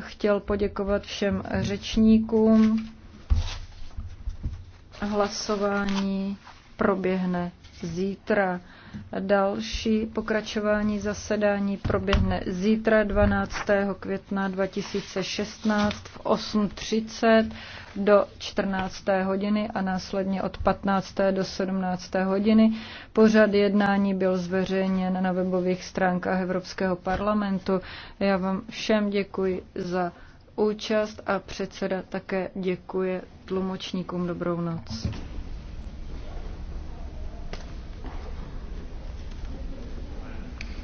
chtěl poděkovat všem řečníkům. Hlasování proběhne zítra. Další pokračování zasedání proběhne zítra 12. května 2016 v 8.30 do 14. hodiny a následně od 15. do 17. hodiny. Pořad jednání byl zveřejněn na webových stránkách Evropského parlamentu. Já vám všem děkuji za účast a předseda také děkuje tlumočníkům dobrou noc.